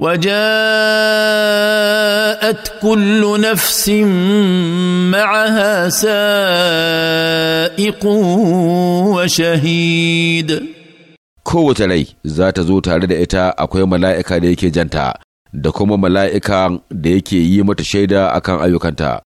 وجاءت كل نفس معها سائق وشهيد kowace rai za ta zo tare da ita akwai mala'ika da yake janta da kuma mala'ika da yake yi mata shaida akan ayyukanta